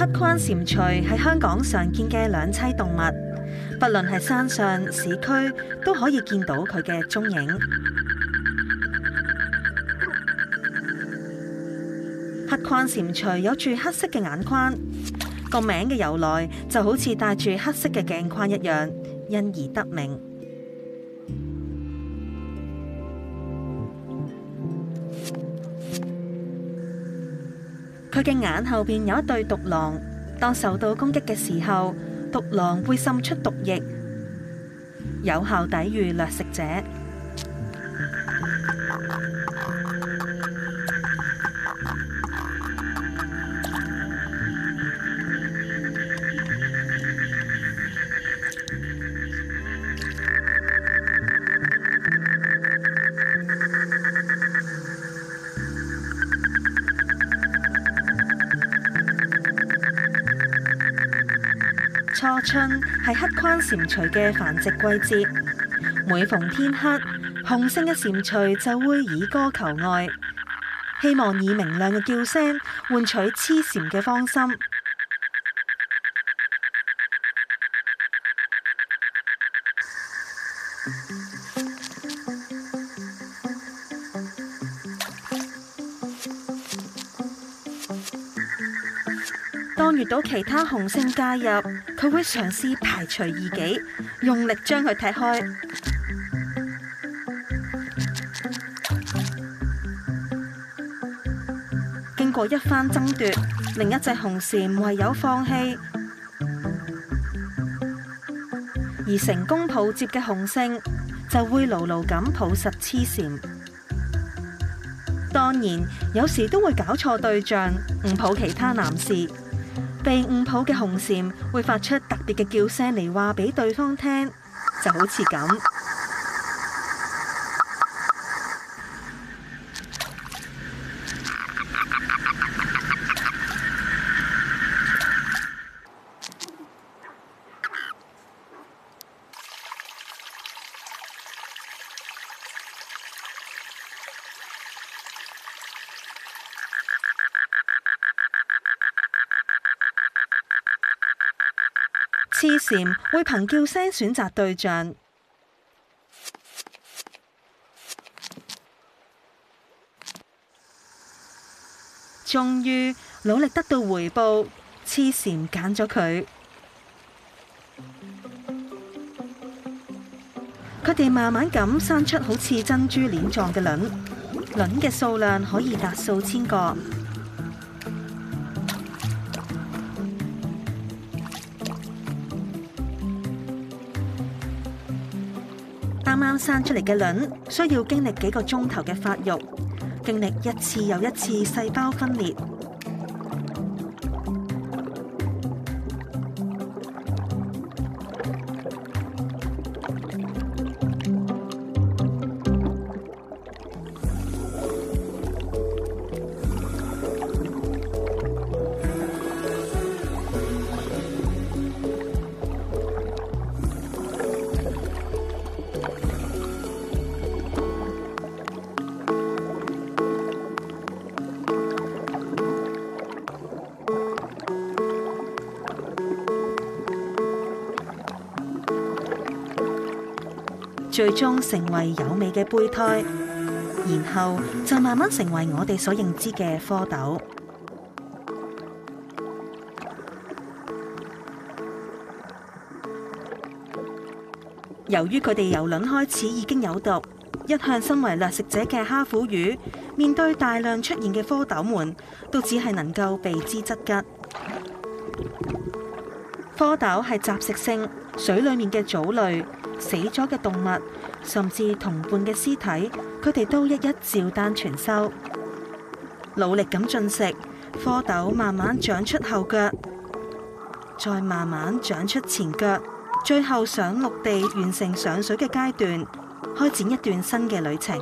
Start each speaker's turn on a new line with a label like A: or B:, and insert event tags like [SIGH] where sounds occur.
A: 黑眶蟾蜍係香港常見嘅兩棲動物，不論係山上、市區都可以見到佢嘅蹤影。黑眶蟾蜍有住黑色嘅眼眶，個名嘅由來就好似戴住黑色嘅鏡框一樣，因而得名。佢嘅眼後邊有一對毒囊，當受到攻擊嘅時候，毒囊會滲出毒液，有效抵禦掠食者。初春係黑眶蟾蜍嘅繁殖季節，每逢天黑，雄性嘅蟾蜍就會以歌求愛，希望以明亮嘅叫聲換取雌蟬嘅芳心。遇到其他雄性介入，佢會嘗試排除異己，用力將佢踢開。經過一番爭奪，另一隻雄蟾唯有放棄，而成功抱接嘅雄性就會牢牢咁抱實雌蟾。當然，有時都會搞錯對象，唔抱其他男士。被誤抱嘅雄蟾會發出特別嘅叫聲嚟話俾對方聽，就好似咁。 [LAUGHS] 雌蟾會憑叫聲選擇對象，終於努力得到回報，雌蟾揀咗佢。佢哋慢慢咁生出好似珍珠鏈狀嘅卵，卵嘅數量可以達數千個。啱啱生出嚟嘅卵需要經歷幾個鐘頭嘅發育，經歷一次又一次細胞分裂。最終成為有尾嘅胚胎，然後就慢慢成為我哋所認知嘅蝌蚪。 [NOISE] 由於佢哋由卵開始已經有毒，一向身為掠食者嘅蝦虎魚，面對大量出現嘅蝌蚪們，都只係能夠避之則吉。蝌蚪係雜食性，水裏面嘅藻類、死咗嘅動物，甚至同伴嘅屍體，佢哋都一一照單全收。努力咁進食，蝌蚪慢慢長出後腳，再慢慢長出前腳，最後上陸地完成上水嘅階段，開展一段新嘅旅程。